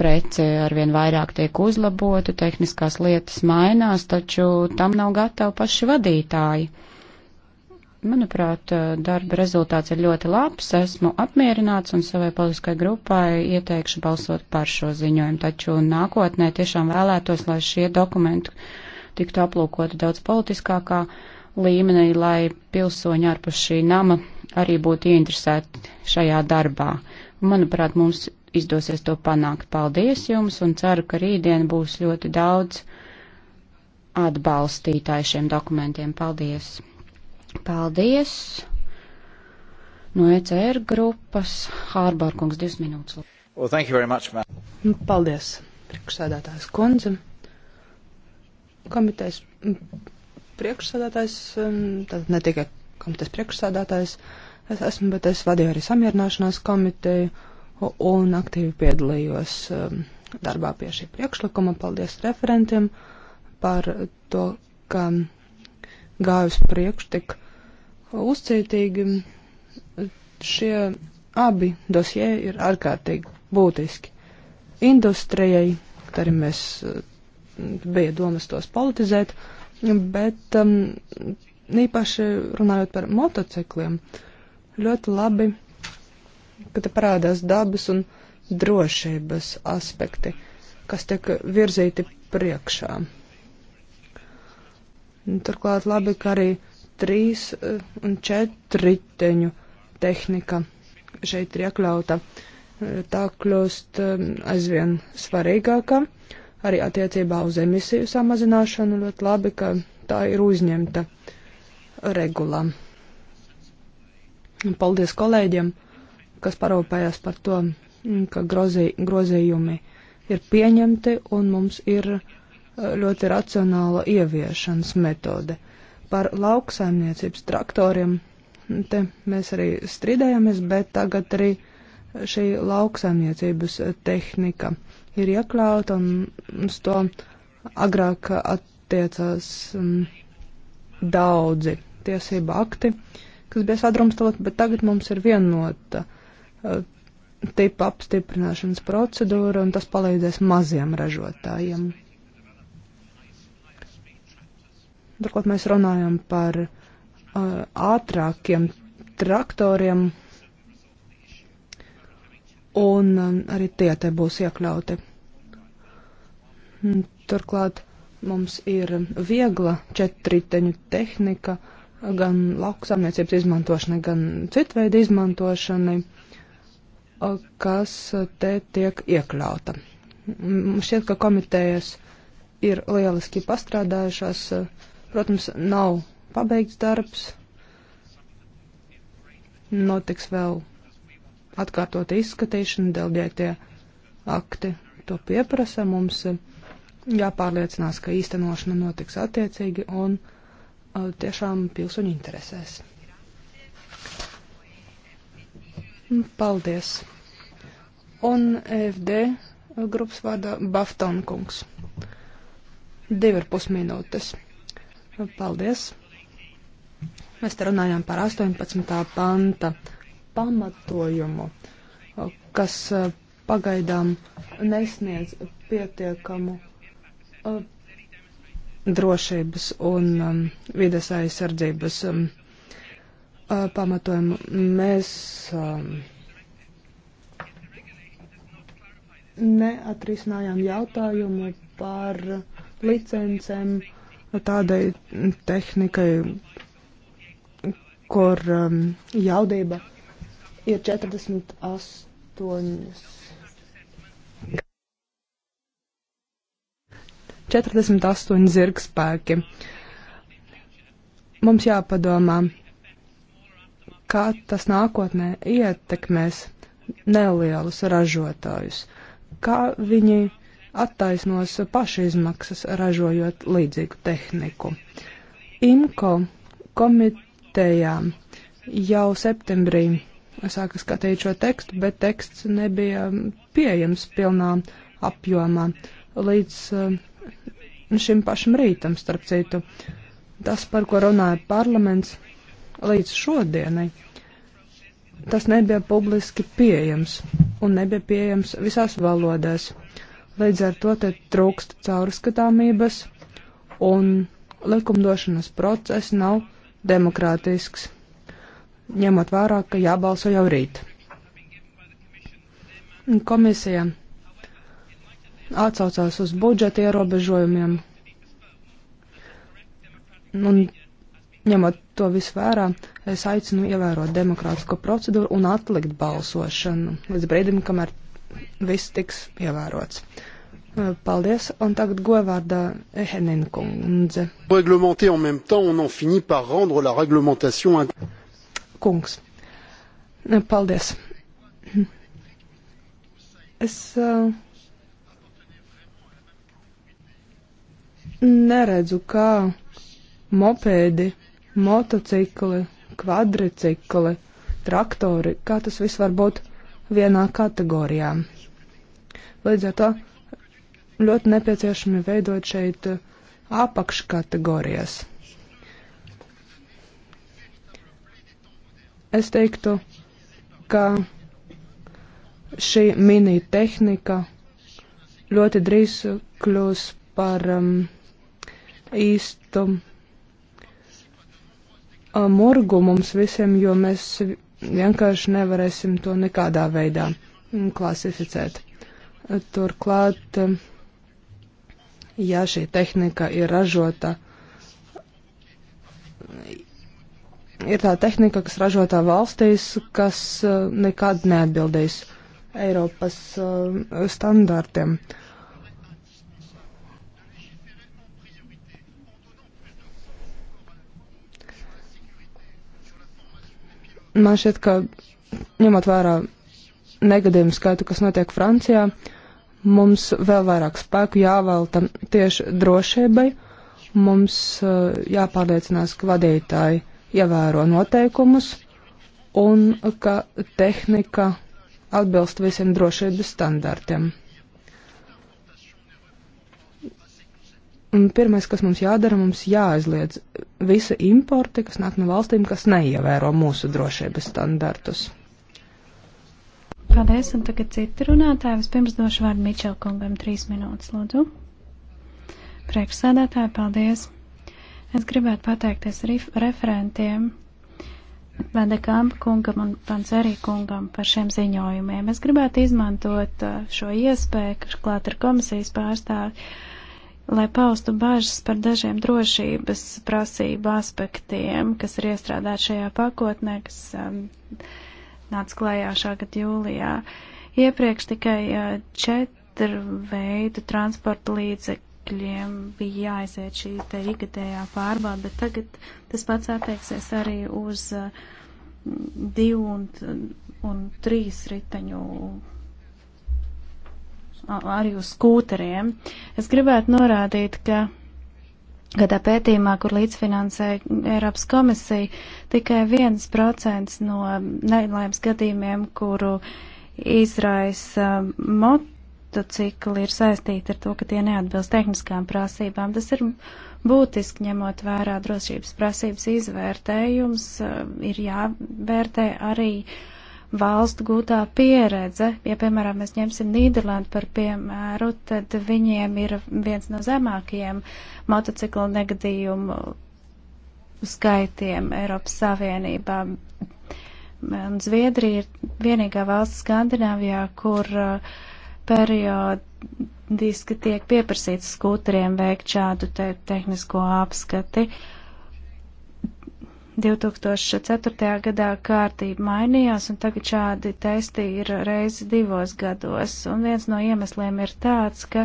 prece arvien vairāk tiek uzlabota, tehniskās lietas mainās, taču tam nav gatavi paši vadītāji. Manuprāt, darba rezultāts ir ļoti labs, esmu apmierināts un savai politiskai grupai ieteikšu balsot par šo ziņojumu, taču nākotnē tiešām vēlētos, lai šie dokumenti tiktu aplūkoti daudz politiskākā līmenī, lai pilsoņi ārpus šī nama arī būtu ieinteresēti šajā darbā. Manuprāt, mums izdosies to panākt. Paldies jums un ceru, ka rītdien būs ļoti daudz atbalstītāju šiem dokumentiem. Paldies! Paldies! No ECR grupas Hārbārkungs divas minūtes. Well, thank you very much, man. Nu, paldies, priekšsēdētājs kundze. Komitejas priekšsēdētājs, tad ne tikai komitejas priekšsēdētājs es esmu, bet es vadīju arī samierināšanās komiteju un aktīvi piedalījos um, darbā pie šī priekšlikuma. Paldies referentiem par to, ka gājus priekš tik uzcītīgi. Šie abi dosie ir ārkārtīgi būtiski. Industrijai, arī mēs uh, bija domas tos politizēt, bet um, īpaši runājot par motocikliem, ļoti labi ka te parādās dabas un drošības aspekti, kas tiek virzīti priekšā. Turklāt labi, ka arī trīs eh, un četriteņu tehnika šeit ir iekļauta. Tā kļūst eh, aizvien svarīgāka arī attiecībā uz emisiju samazināšanu. Ļoti labi, ka tā ir uzņemta regulā. Paldies kolēģiem! kas parūpējas par to, mm, ka grozī, grozījumi ir pieņemti un mums ir e, ļoti racionāla ieviešanas metode. Par lauksaimniecības traktoriem mm, te mēs arī strīdējāmies, bet tagad arī šī lauksaimniecības tehnika ir iekļauta un uz to agrāk attiecās um, daudzi tiesība akti, kas bija sadrumstalot, bet tagad mums ir vienota uh, tipa apstiprināšanas procedūra, un tas palīdzēs maziem ražotājiem. Turklāt mēs runājam par uh, ātrākiem traktoriem, un uh, arī tie te būs iekļauti. Mm, turklāt mums ir viegla četriteņu tehnika gan lauksaimniecības izmantošanai, gan citveida izmantošanai. Uh, kas te tiek iekļauta. Šķiet, ka komitejas ir lieliski pastrādājušās. Protams, nav pabeigts darbs. Notiks vēl atkārtot izskatīšana, delģētie akti to pieprasa. Mums jāpārliecinās, ka īstenošana notiks attiecīgi un tiešām pilsoņu interesēs. Paldies. Un FD grupas vārdā Baftonkungs. Divi ar pus minūtes. Paldies. Mēs te runājām par 18. panta pamatojumu, kas eh, pagaidām nesniedz pietiekamu eh, drošības un eh, vides aizsardzības Uh, pamatojumu. Mēs um, neatrisinājām jautājumu par licencēm tādai tehnikai, kur um, jaudība ir 48. 48 zirgspēki. Mums jāpadomā, kā tas nākotnē ietekmēs nelielus ražotājus, kā viņi attaisnos pašizmaksas ražojot līdzīgu tehniku. IMCO komitejā jau septembrī sāka skatīt šo tekstu, bet teksts nebija pieejams pilnā apjomā līdz uh, šim pašam rītam, starp citu. Tas, par ko runāja parlaments, līdz šodienai tas nebija publiski pieejams un nebija pieejams visās valodās. Līdz ar to te trūkst caurskatāmības un likumdošanas process nav demokrātisks, ņemot vērā, ka jābalso jau rīt. Komisija atsaucās uz budžeta ierobežojumiem un ņemot to visu vērā, es aicinu ievērot demokrātisko procedūru un atlikt balsošanu līdz brīdim, kamēr viss tiks ievērots. Paldies, un tagad govārdā Ehenina kundze. Reglementé en même temps, on en finit par rendre la réglementation. Kungs. Paldies. Es uh, neredzu, kā mopēdi motocikli, kvadricikli, traktori, kā tas viss var būt vienā kategorijā. Līdz ar to ļoti nepieciešami veidot šeit apakškategorijas. Es teiktu, ka šī mini tehnika ļoti drīz kļūs par um, īstu murgu mums visiem, jo mēs vienkārši nevarēsim to nekādā veidā klasificēt. Turklāt, ja šī tehnika ir ražota, ir tā tehnika, kas ražotā valstīs, kas eh, nekad neatbildīs Eiropas eh, standartiem. Uh, Man šķiet, ka ņemot vērā negadījumu skaitu, kas notiek Francijā, mums vēl vairāk spēku jāvelta tieši drošībai. Mums uh, jāpārliecinās, ka vadītāji ievēro noteikumus un ka tehnika atbilst visiem drošības standartiem. Pirmais, kas mums jādara, mums jāaizliedz visa importi, kas nāk no valstīm, kas neievēro mūsu drošības standartus. Paldies, un tagad citi runātāji. Vispirms došu vārdu Mičelkungam trīs minūtes, lūdzu. Priekšsēdētāji, paldies. Es gribētu pateikties referentiem Vendekāmpa kungam un Pancerī kungam par šiem ziņojumiem. Es gribētu izmantot uh, šo iespēju, ka klāt ir komisijas pārstāvi lai paustu bažas par dažiem drošības prasību aspektiem, kas ir iestrādāti šajā pakotnē, kas um, nāca klajā šā gada jūlijā. Iepriekš tikai uh, četru veidu transporta līdzekļiem bija jāaiziet šī te ikgadējā pārbauda, bet tagad tas pats attieksies arī uz uh, divu un, un trīs riteņu arī uz skūteriem. Es gribētu norādīt, ka gadā pētījumā, kur līdzfinansēja Eiropas komisija, tikai 1% no nelaimes gadījumiem, kuru izraisa um, motocikli, ir saistīti ar to, ka tie neatbilst tehniskām prasībām. Tas ir būtiski ņemot vērā drošības prasības izvērtējums, um, ir jāvērtē arī uh, valstu gūtā pieredze, ja, piemēram, mēs ņemsim Nīderlandu par piemēru, tad viņiem ir viens no zemākajiem motociklu negadījumu skaitiem Eiropas Savienībā. Un Zviedrija ir vienīgā valsts Skandināvijā, kur uh, periodiski tiek pieprasīts skūteriem veikt šādu te tehnisko apskati. Uh, 2004. gadā kārtība mainījās, un tagad šādi testi ir reizi divos gados. Un viens no iemesliem ir tāds, ka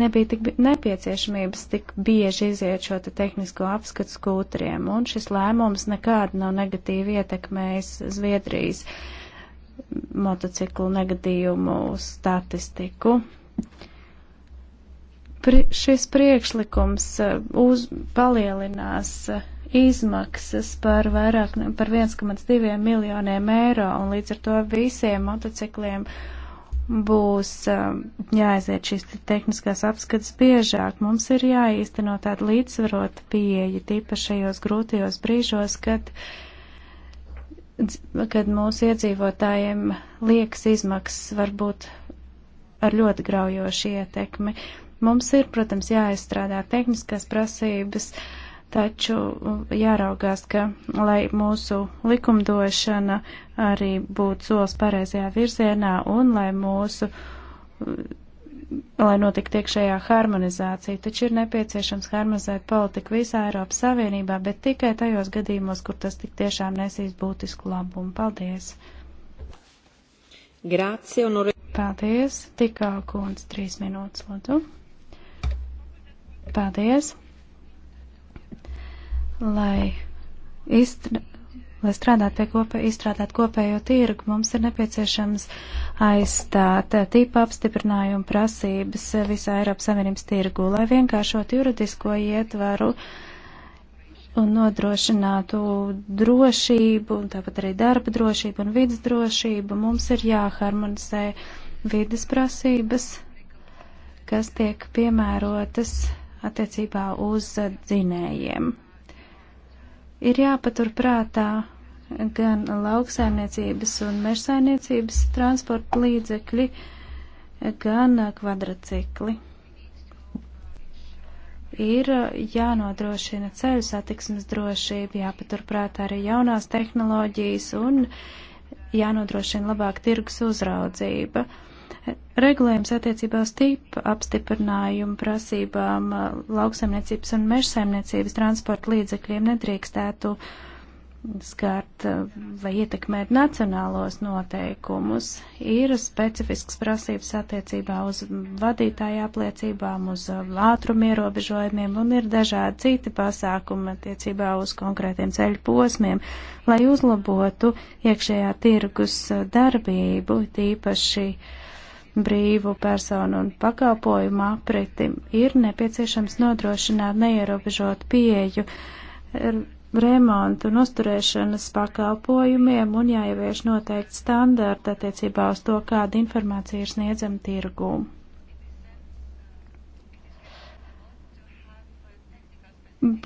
nebija tik nepieciešamības tik bieži iziet šo te tehnisko apskatu skūtriem, un šis lēmums nekādu nav negatīvi ietekmējis Zviedrijas motociklu negadījumu statistiku. Pri, šis priekšlikums uh, uz, palielinās uh, izmaksas par vairāk, par 1,2 miljoniem eiro, un līdz ar to visiem motocikliem būs um, jāaiziet šīs tehniskās apskatas biežāk. Mums ir jāīsteno tāda līdzsvarota pieeja, tīpašajos grūtajos brīžos, kad, kad mūsu iedzīvotājiem liekas izmaksas varbūt ar ļoti graujošu ietekmi. Mums ir, protams, jāizstrādā tehniskās prasības. Uh, taču um, jāraugās, ka, lai mūsu likumdošana arī būtu solis pareizajā virzienā un lai mūsu, lai notiktu iekšējā harmonizācija, taču ir nepieciešams harmonizēt politiku visā Eiropas Savienībā, bet tikai tajos gadījumos, kur tas tik tiešām nesīs būtisku labumu. Paldies! Grācija un uri. Paldies, tikā kundz trīs minūtes, lūdzu. Paldies! lai, istra, lai strādātu pie kopē, izstrādāt kopējo tirgu, mums ir nepieciešams aizstāt tīpa apstiprinājumu prasības visā Eiropas Savienības tirgu, lai vienkāršot juridisko ietvaru un nodrošinātu drošību, un tāpat arī darba drošību un vidas drošību, mums ir jāharmonizē vidas prasības, kas tiek piemērotas attiecībā uz dzinējiem. Ir jāpatur prātā gan lauksaimniecības un mežsaimniecības transporta līdzekļi, gan kvadracikli. Ir jānodrošina ceļu satiksmes drošība, jāpaturprāt arī jaunās tehnoloģijas un jānodrošina labāk tirgus uzraudzība. Uh, regulējums attiecībā uz tipu apstiprinājumu prasībām uh, lauksaimniecības un mežsaimniecības transporta līdzekļiem nedrīkstētu skart uh, vai ietekmēt nacionālos noteikumus. Ir specifisks prasības attiecībā uz vadītāju apliecībām, uz uh, ātrumu ierobežojumiem un ir dažādi citi pasākumi attiecībā uz konkrētiem ceļu posmiem, lai uzlabotu iekšējā tirgus darbību, tīpaši uh, brīvu personu un pakalpojumu apritim, ir nepieciešams nodrošināt neierobežot pieeju remontu un uzturēšanas pakalpojumiem un jāievieš noteikti standarti attiecībā uz to, kāda informācija ir sniedzama tirgū.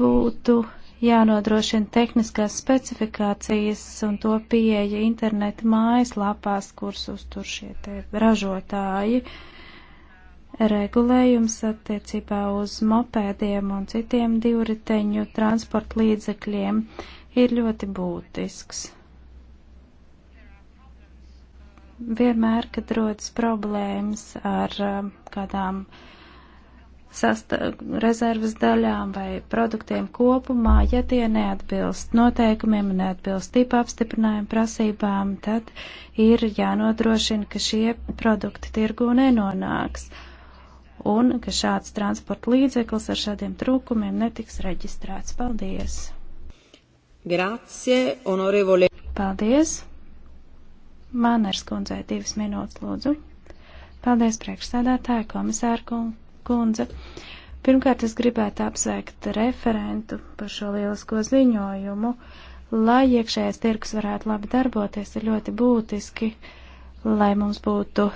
Būtu jānodrošina tehniskās specifikācijas un to pieeja interneta mājaslapās, kuras uztur šie te ražotāji. Regulējums attiecībā uz mopēdiem un citiem divriteņu transporta līdzekļiem ir ļoti būtisks. Vienmēr, kad rodas problēmas ar um, kādām uh, rezervas daļām vai produktiem kopumā, ja tie neatbilst noteikumiem un neatbilst tipa apstiprinājuma prasībām, tad ir jānodrošina, ka šie produkti tirgū nenonāks un ka šāds transporta līdzeklis ar šādiem trūkumiem netiks reģistrēts. Paldies! Grazie, honorevole! Paldies! Māners kundzei divas minūtes, lūdzu. Paldies, priekšsēdētāji, komisārkungi! kundze. Pirmkārt, es gribētu apsveikt referentu par šo lielisko ziņojumu. Lai iekšējais tirgus varētu labi darboties, ir ļoti būtiski, lai mums būtu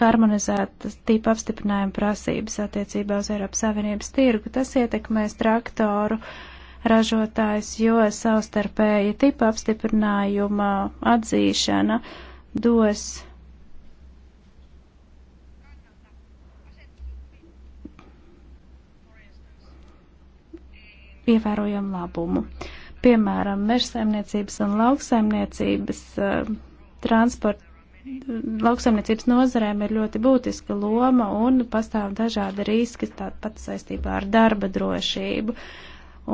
harmonizētas tīpa apstiprinājuma prasības attiecībā uz Eiropas Savienības tirgu. Tas ietekmēs traktoru ražotājs, jo savstarpēja tipa apstiprinājuma atzīšana dos ievērojam labumu. Piemēram, mežsaimniecības un lauksaimniecības eh, transporta. Lauksaimniecības nozarēm ir ļoti būtiska loma un pastāv dažādi riski, tāpat saistībā ar darba drošību.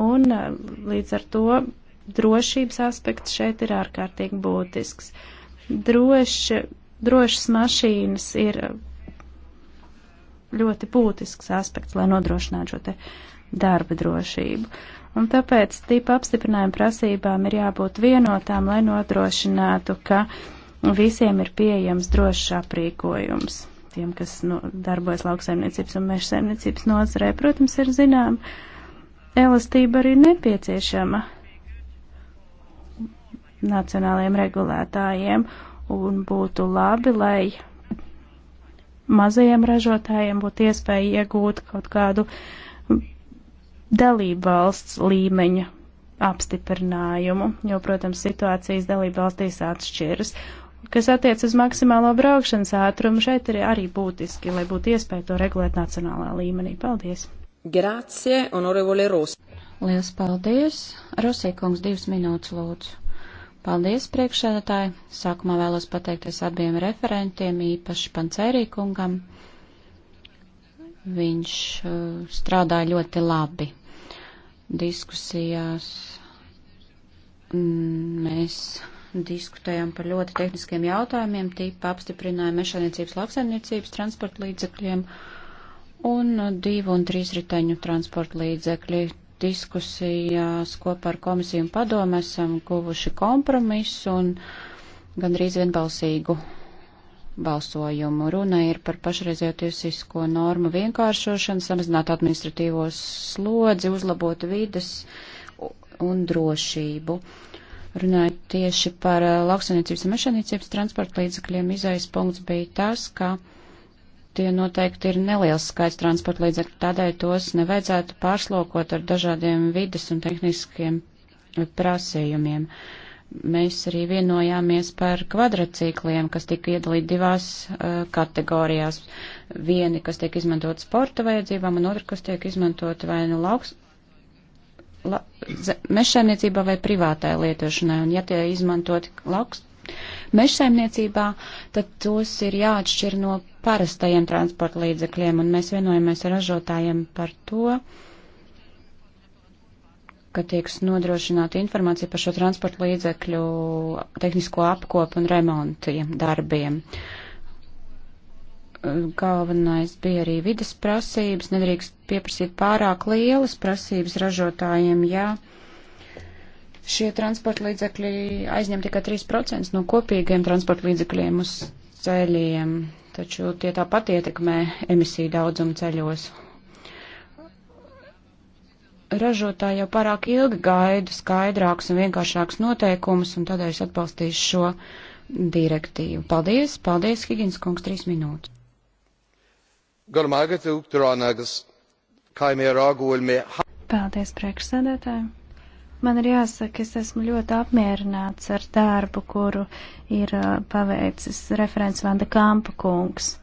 Un eh, līdz ar to drošības aspekts šeit ir ārkārtīgi būtisks. Droši, drošas mašīnas ir ļoti būtisks aspekts, lai nodrošinātu šo te uh, darba drošību. Un tāpēc tipa apstiprinājuma prasībām ir jābūt vienotām, lai nodrošinātu, ka visiem ir pieejams drošs aprīkojums. Tiem, kas nu, darbojas lauksaimniecības un meža saimniecības nozarē, protams, ir zinām, elastība arī nepieciešama nacionālajiem regulētājiem un būtu labi, lai mazajiem ražotājiem būtu iespēja iegūt kaut kādu uh, dalībvalsts līmeņa apstiprinājumu, jo, protams, situācijas dalībvalstīs atšķiras. Kas attiec uz maksimālo braukšanas ātrumu, šeit ir arī būtiski, lai būtu iespēja to regulēt nacionālā līmenī. Paldies! Grācie, honorevole Rūs. Lielas paldies! Rosīkungs, divas minūtes lūdzu. Paldies, priekšsēdētāji! Sākumā vēlos pateikties abiem referentiem, īpaši Pancerī kungam. Viņš uh, strādāja ļoti labi diskusijās mm, mēs diskutējām par ļoti tehniskiem jautājumiem, tīpa apstiprināja mešanniecības lauksaimniecības transporta līdzekļiem un divu un trīs riteņu transporta līdzekļi. Diskusijās kopā ar komisiju un padomu esam guvuši kompromisu un gandrīz vienbalsīgu balsojumu. Runa ir par pašreizējo tiesisko normu vienkāršošanu, samazināt administratīvo slodzi, uzlabot vidas un drošību. Runājot tieši par uh, lauksainiecības un mešanīcības transporta līdzakļiem, izējas punkts bija tas, ka tie noteikti ir neliels skaits transporta līdzakļu, tādēļ tos nevajadzētu pārslokot ar dažādiem vidas un tehniskiem prasījumiem. Uh, mēs arī vienojāmies par kvadratcikliem, kas tika iedalīti divās uh, kategorijās. Vieni, kas tiek izmantot sporta vajadzībām, un otru, kas tiek izmantot vai nu lauks, la, mešsaimniecībā vai privātai lietošanai. Un ja tie izmantoti lauks mežsaimniecībā, tad tos ir jāatšķir no parastajiem transporta līdzekļiem, un mēs vienojamies ar ražotājiem par to, uh, ka tieks nodrošināta informācija par šo transporta līdzekļu tehnisko apkopu un remontiem darbiem. Galvenais bija arī vidas prasības, nedrīkst pieprasīt pārāk lielas prasības ražotājiem, ja šie transporta līdzekļi aizņem tikai 3% no kopīgiem transporta līdzekļiem uz ceļiem, taču tie tāpat ietekmē emisiju daudzumu ceļos ražotāji jau pārāk ilgi gaida skaidrākus un vienkāršākus noteikumus, un tādēļ es atbalstīšu šo direktīvu. Paldies, paldies, Higgins kungs, trīs minūtes. Paldies, priekšsēdētāji. Man ir jāsaka, es esmu ļoti apmierināts ar darbu, kuru ir uh, paveicis referents Vanda Kampa kungs.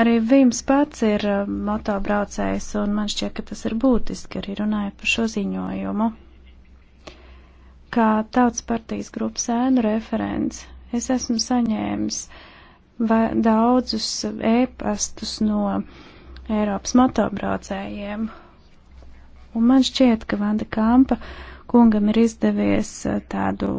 Arī Vims pats ir eh, motobraucējs, un man šķiet, ka tas ir būtiski arī runājot par šo ziņojumu. Kā tautas partijas grupas ēnu referents, es esmu saņēmis daudzus ēpastus no Eiropas motobraucējiem, un man šķiet, ka Vanda Kampa kungam ir izdevies eh, tādu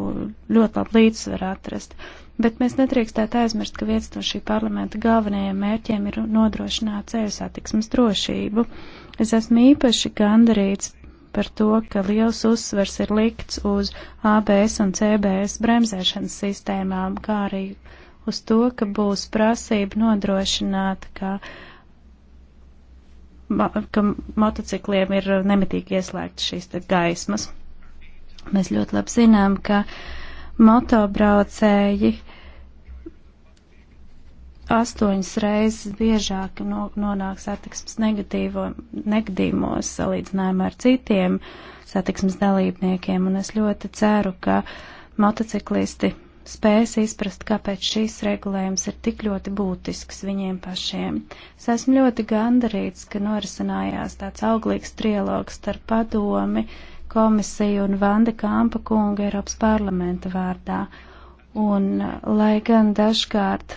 ļoti labu līdzsvaru atrast. Uh, Bet mēs nedrīkstētu aizmirst, ka viens no šī parlamenta galvenajiem mērķiem ir nodrošināt ceļu satiksmes drošību. Es esmu īpaši gandarīts par to, ka liels uzsvers ir likts uz ABS un CBS bremzēšanas sistēmām, kā arī uz to, ka būs prasība nodrošināt, ka, ka motocikliem ir nemitīgi ieslēgts šīs gaismas. Mēs ļoti labi zinām, ka uh, motobraucēji astoņas reizes biežāk no, nonāk satiksmes negadījumos salīdzinājumā ar citiem satiksmes dalībniekiem, un es ļoti ceru, ka motociklisti spēs izprast, kāpēc šīs regulējums ir tik ļoti būtisks viņiem pašiem. Es esmu ļoti gandarīts, ka norisinājās tāds auglīgs trialogs starp padomi, komisiju un Vanda Kampa kunga Eiropas parlamenta vārdā. Un, eh, lai gan dažkārt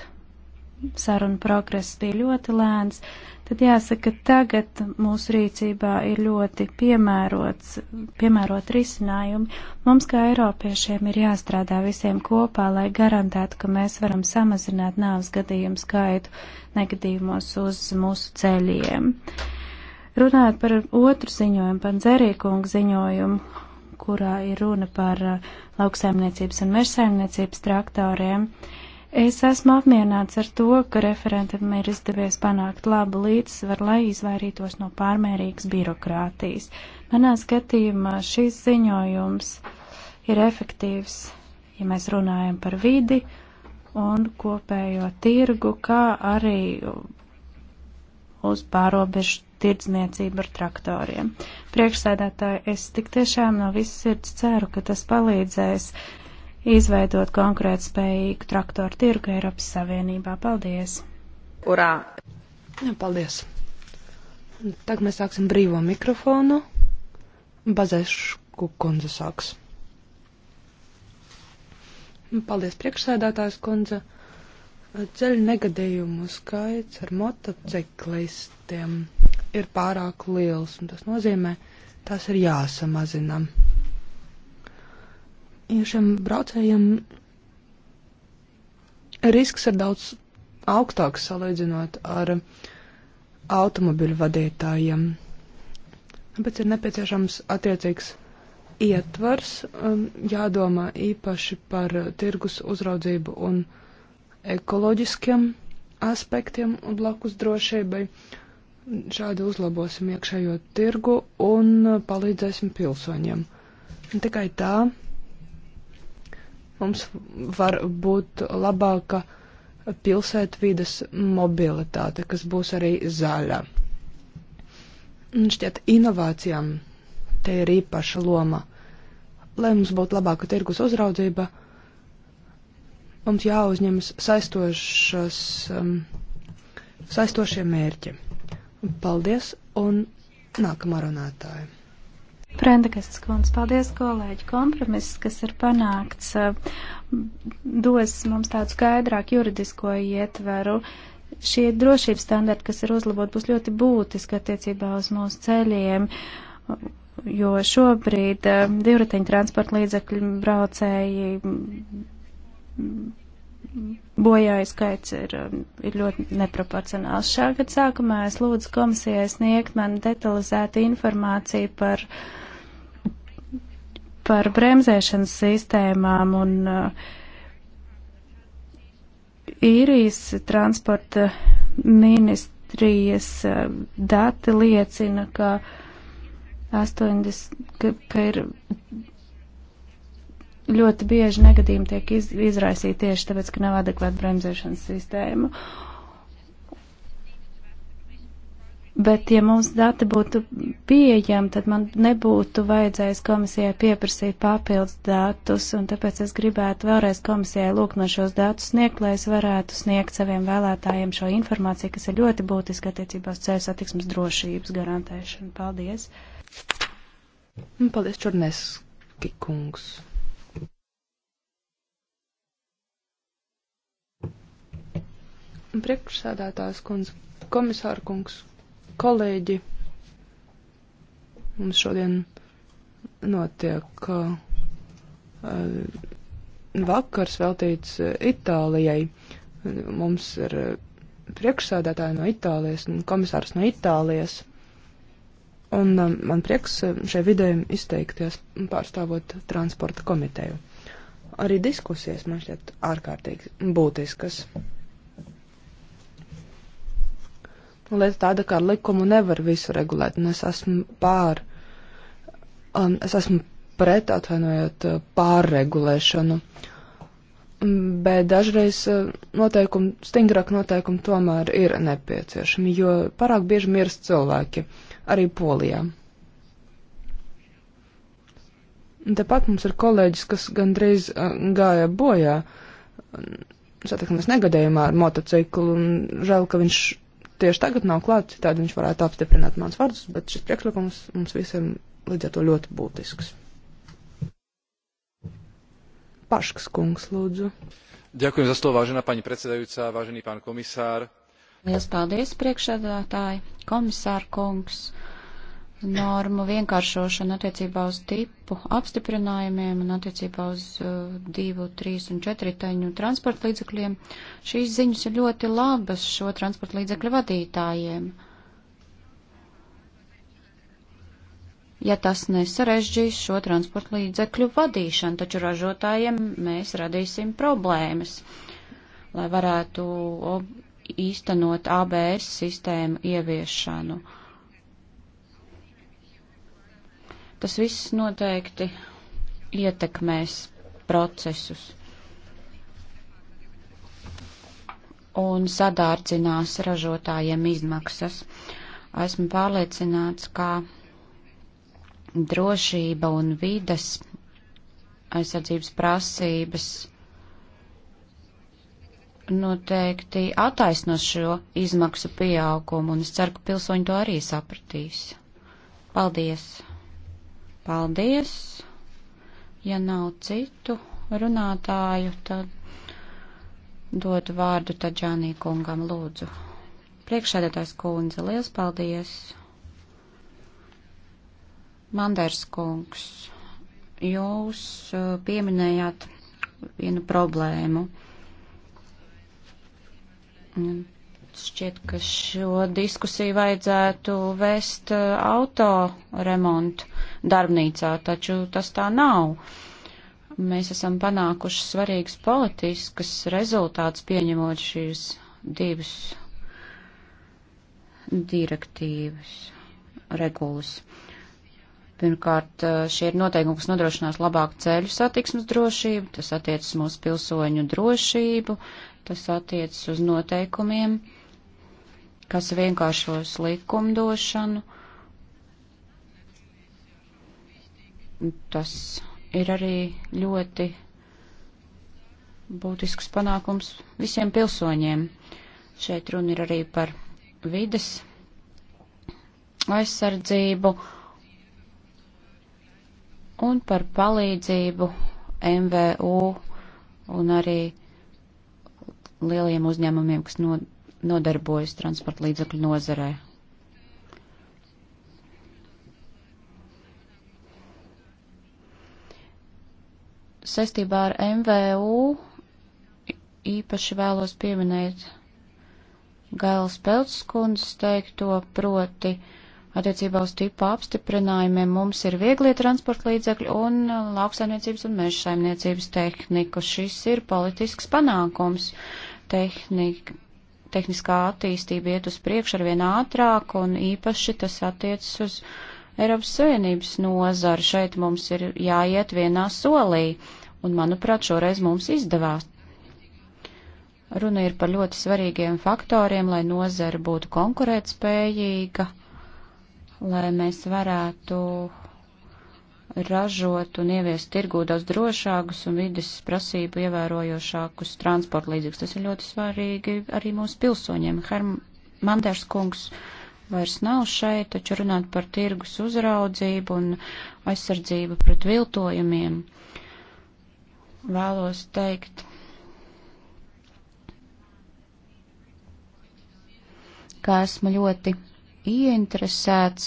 saruna progress bija ļoti lēns, tad jāsaka, tagad mūsu rīcībā ir ļoti piemērots, piemērot risinājumi. Mums kā Eiropiešiem ir jāstrādā visiem kopā, lai garantētu, ka mēs varam samazināt nāvs gadījumu skaitu negadījumos uz mūsu ceļiem. Runājot par otru ziņojumu, par Dzerīkungu ziņojumu, kurā ir runa par uh, lauksaimniecības un mežsaimniecības traktoriem. Uh, Es esmu apmierināts ar to, ka referentam ir izdevies panākt labu līdzsvaru, lai izvairītos no pārmērīgas birokrātijas. Manā skatījumā šis ziņojums ir efektīvs, ja mēs runājam par vidi un kopējo tirgu, kā arī uz pārobežu tirdzniecību ar traktoriem. Priekšsēdētāji, es tik tiešām no visas sirds ceru, ka tas palīdzēs izveidot konkrēt spējīgu traktoru tirgu Eiropas Savienībā. Paldies! Urā! Jā, paldies! Tagad mēs sāksim brīvo mikrofonu. Bazešu kundze sāks. Paldies, priekšsēdētājs kundze. Ceļu negadījumu skaits ar motociklistiem ir pārāk liels, un tas nozīmē, tas ir jāsamazina ja šiem braucējiem risks ir daudz augstāks salīdzinot ar automobiļu vadītājiem. Tāpēc ir nepieciešams attiecīgs ietvars, um, jādomā īpaši par tirgus uzraudzību un ekoloģiskiem aspektiem un blakus drošībai. Šādi uzlabosim iekšējo tirgu un palīdzēsim pilsoņiem. Un tikai tā mums var būt labāka pilsētvidas mobilitāte, kas būs arī zaļa. Un šķiet, inovācijām te ir īpaša loma. Lai mums būtu labāka tirgus uzraudzība, mums jāuzņemas saistošas, um, saistošie mērķi. Paldies, un nākamā runātāja. Prendekastas kundze, paldies kolēģi. Kompromiss, kas ir panākts, eh, dos mums tādu skaidrāku juridisko ietveru. Šie drošības standarti, kas ir uzlabot, būs ļoti būtiski attiecībā uz mūsu ceļiem, jo šobrīd eh, divriteņu transporta līdzekļu braucēji mm, bojāju skaits ir, ir ļoti neproporcionāls. Šā gada sākumā es lūdzu komisijai sniegt man detalizētu informāciju par uh, par bremzēšanas sistēmām un uh, īrijas transporta ministrijas uh, dati liecina, ka 80, ka, ka ir ļoti bieži negadījumi tiek iz, izraisīti tieši tāpēc, ka nav adekvāta bremzēšanas sistēma. Bet, ja mums dati būtu pieejami, tad man nebūtu vajadzējis komisijai pieprasīt papildus datus, un tāpēc es gribētu vēlreiz komisijai lūgt no šos datus sniegt, lai es varētu sniegt saviem vēlētājiem šo informāciju, kas ir ļoti būtiska attiecībā uz ceļu satiksmes drošības garantēšanu. Paldies! Paldies, Čurneski kungs! Priekšsēdētājs kundze, komisāra kungs kolēģi. Mums šodien notiek uh, vakars veltīts uh, Itālijai. Mums ir uh, priekšsēdētāji no Itālijas un komisārs no Itālijas. Un um, man prieks uh, šai vidē izteikties pārstāvot transporta komiteju. Arī diskusijas man šķiet ārkārtīgi būtiskas. Lieta tāda, ka ar likumu nevar visu regulēt, un es esmu pār, um, es esmu pret, atvainojot, pārregulēšanu. Bet dažreiz eh, noteikumi, stingrāk noteikumi tomēr ir nepieciešami, jo pārāk bieži mirst cilvēki, arī polijā. Tepat mums ir kolēģis, kas gandrīz eh, gāja bojā satiksmes negadījumā ar motociklu, un žēl, ka viņš tieši tagad nav klāt, citādi viņš varētu apstiprināt mans vārdus, bet šis priekšlikums mums visiem līdz ar to ļoti būtisks. Paškas kungs, lūdzu. Ďakujem za slovo, vážená pani predsedajúca, vážený pán komisār. Lielas paldies, priekšsēdētāji, komisār kungs. Uh, normu vienkāršošanu attiecībā uz tipu apstiprinājumiem un attiecībā uz uh, divu, trīs un četritaņu transporta līdzekļiem. Šīs ziņas ir ļoti labas šo transporta līdzekļu vadītājiem. Ja tas nesarežģīs šo transporta līdzekļu vadīšanu, taču ražotājiem mēs radīsim problēmas, lai varētu īstenot ABS sistēmu ieviešanu. Uh, Tas viss noteikti ietekmēs procesus un sadārdzinās ražotājiem izmaksas. Esmu pārliecināts, ka drošība un vides aizsardzības prasības noteikti attaisnos šo izmaksu pieaugumu, un es ceru, ka pilsoņi to arī sapratīs. Paldies! Paldies! Ja nav citu runātāju, tad dodu vārdu Taģānī kungam lūdzu. Priekšsēdētājs kundze, liels paldies! Manders kungs, jūs uh, pieminējāt vienu problēmu. Šķiet, ka šo diskusiju vajadzētu vēst uh, auto remontu darbnīcā, taču tas tā nav. Mēs esam panākuši svarīgs politisks rezultāts pieņemot šīs divas direktīvas regulas. Pirmkārt, eh, šie ir noteikumi, kas nodrošinās labāku ceļu satiksmes drošību, tas attiecas mūsu pilsoņu drošību, tas attiecas uz noteikumiem, kas vienkāršos likumdošanu Tas ir arī ļoti būtisks panākums visiem pilsoņiem. Šeit runa ir arī par vides aizsardzību un par palīdzību MVU un arī lieliem uzņēmumiem, kas nodarbojas transporta līdzakļu nozarē. saistībā ar MVU īpaši vēlos pieminēt Gailas Peltskundas teikto proti attiecībā uz tipu apstiprinājumiem mums ir vieglie transporta līdzekļi un uh, lauksaimniecības un meža saimniecības tehniku. Šis ir politisks panākums. Tehnika, tehniskā attīstība iet uz priekšu arvien ātrāk un īpaši tas attiecas uz Eiropas Savienības nozaru. Šeit mums ir jāiet vienā solī. Uh, un, manuprāt, šoreiz mums izdevās. Runa ir par ļoti svarīgiem faktoriem, lai nozara būtu konkurētspējīga, lai mēs varētu ražot un ieviest tirgū daudz drošākus un vidas prasību ievērojošākus transporta līdzekļus. Tas ir ļoti svarīgi arī mūsu pilsoņiem. Hermanders kungs vairs nav šeit, taču runāt par tirgus uzraudzību un aizsardzību pret viltojumiem. Uh, vēlos teikt, ka esmu ļoti ieinteresēts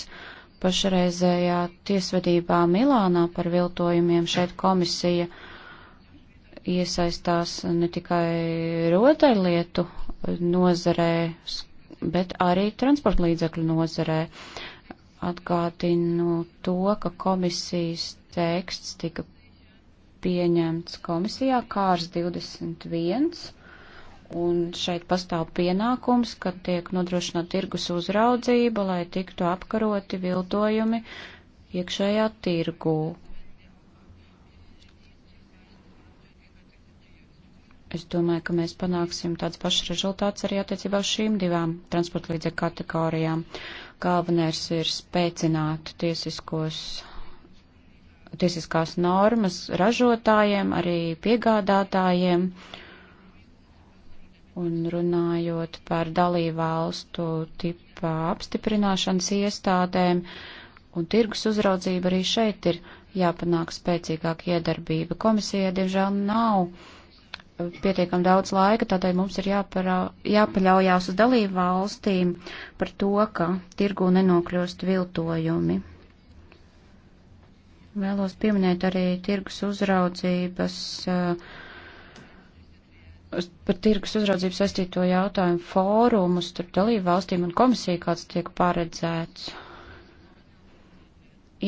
pašreizējā tiesvedībā Milānā par viltojumiem. Šeit komisija iesaistās ne tikai rotaļlietu nozarē, bet arī transporta līdzekļu nozarē. Atgādinu to, ka komisijas teksts tika pieņemts komisijā kārs 21, un šeit pastāv pienākums, ka tiek nodrošināta tirgus uzraudzība, lai tiktu apkaroti viltojumi iekšējā tirgū. Es domāju, ka mēs panāksim tāds pašs rezultāts arī attiecībā uz šīm divām transporta līdzekļu kategorijām. Galvenais ir spēcināt tiesiskos tiesiskās normas ražotājiem, arī piegādātājiem. Un runājot par dalībvalstu tipa apstiprināšanas iestādēm un tirgus uzraudzību, arī šeit ir jāpanāk spēcīgāka iedarbība. Komisija, diemžēl, nav uh, pietiekam daudz laika, tādēļ mums ir jāpara, jāpaļaujās uz dalību valstīm par to, ka tirgū nenokļūst viltojumi. Vēlos pieminēt arī tirgus uzraudzības, eh, par tirgus uzraudzību saistīto jautājumu fórumu starp dalību valstīm un komisiju, kāds tiek paredzēts.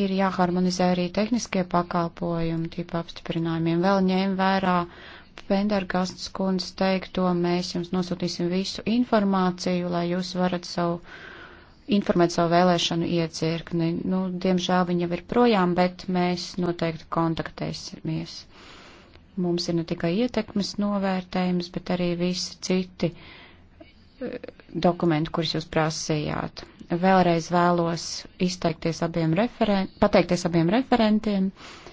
Ir jāharmonizē arī tehniskie pakalpojumi tīpa apstiprinājumiem. Vēl ņēma vērā Pendergasts kundze teikto, mēs jums nosūtīsim visu informāciju, lai jūs varat savu informēt savu vēlēšanu iecirkni. Nu, diemžēl viņa jau ir projām, bet mēs noteikti kontaktēsimies. Mums ir ne tikai ietekmes novērtējums, bet arī visi citi eh, dokumenti, kurus jūs prasījāt. Vēlreiz vēlos izteikties abiem referen pateikties abiem referentiem. Uh,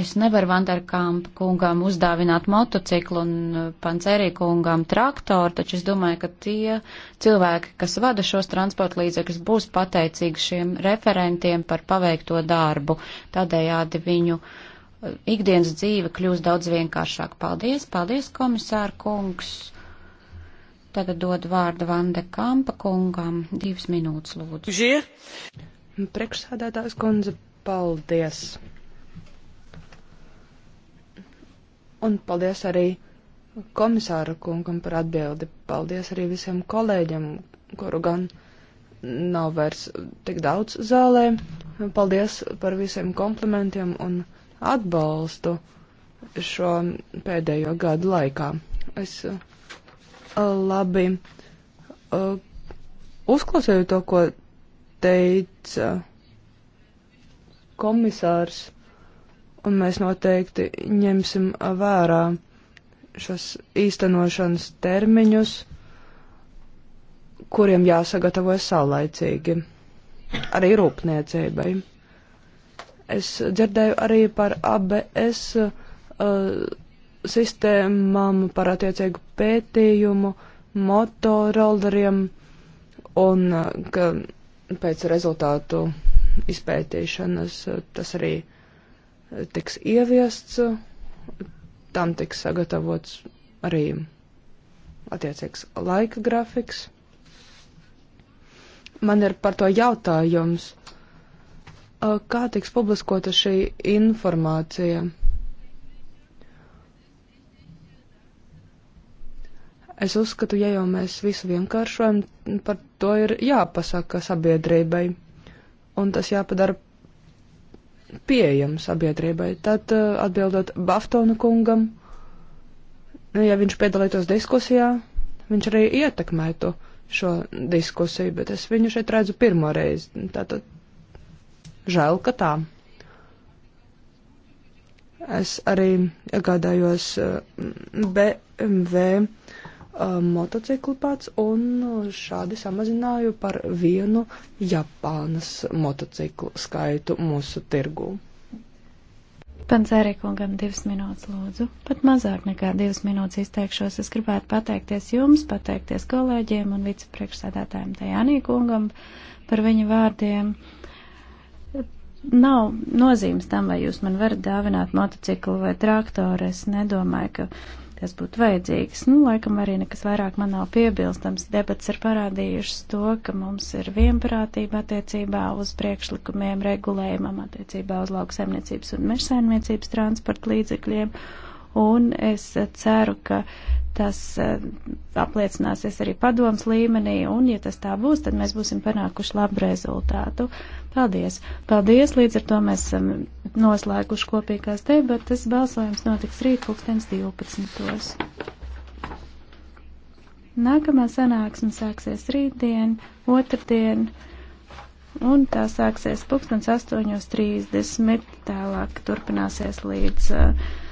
Es nevaru Vandarkām kungām uzdāvināt motociklu un uh, pancerī kungām traktoru, taču es domāju, ka tie cilvēki, kas vada šos transporta līdzekļus, būs pateicīgi šiem referentiem par paveikto darbu. Tādējādi viņu uh, ikdienas dzīve kļūs daudz vienkāršāk. Paldies, paldies, komisāra kungs. Tagad dod vārdu Vande Kampa kungam. Divas minūtes, lūdzu. Žie. Priekšsādātājs kundze, paldies. Un paldies arī komisāra kungam par atbildi. Paldies arī visiem kolēģiem, kuru gan nav vairs tik daudz zālē. Paldies par visiem komplimentiem un atbalstu šo pēdējo gadu laikā. Es uh, labi uh, uzklausīju to, ko teica komisārs un mēs noteikti ņemsim vērā šos īstenošanas termiņus, kuriem jāsagatavojas saulaicīgi, arī rūpniecībai. Es dzirdēju arī par ABS uh, sistēmām, par attiecīgu pētījumu, motorolderiem un uh, ka pēc rezultātu izpētīšanas uh, tas arī uh, tiks ieviests, tam tiks sagatavots arī attiecīgs laika grafiks. Man ir par to jautājums, kā tiks publiskota šī informācija? Es uzskatu, ja jau mēs visu vienkāršojam, par to ir jāpasaka sabiedrībai, un tas jāpadara pieejama sabiedrībai. Tad eh, atbildot Baftona kungam, nu, ja viņš piedalītos diskusijā, viņš arī ietekmētu šo diskusiju, bet es viņu šeit redzu pirmo reizi. Tātad žēl, ka tā. Es arī iegādājos eh, BMW Uh, motociklu pats un šādi samazināju par vienu Japānas motociklu skaitu mūsu tirgū. Pancērīkungam divas minūtes lūdzu. Pat mazāk nekā divas minūtes izteikšos. Es gribētu pateikties jums, pateikties kolēģiem un vicepriekšsēdētājiem Tajānī kungam par viņu vārdiem. Nav nozīmes tam, vai jūs man varat dāvināt motociklu vai traktoru. Es nedomāju, ka kas būtu vajadzīgs. Nu, laikam arī nekas vairāk man nav piebilstams. Debats ir parādījušas to, ka mums ir vienprātība attiecībā uz priekšlikumiem, regulējumam attiecībā uz lauksaimniecības un mežsaimniecības transporta līdzekļiem. Un es ceru, ka Tas eh, apliecināsies arī padoms līmenī, un ja tas tā būs, tad mēs būsim panākuši labu rezultātu. Paldies! Paldies! Līdz ar to mēs esam um, noslēguši kopīgās debatas. Balsojums notiks rīt 2012. Nākamā sanāksme sāksies rītdien, otrdien, un tā sāksies 18.30. Tālāk turpināsies līdz uh,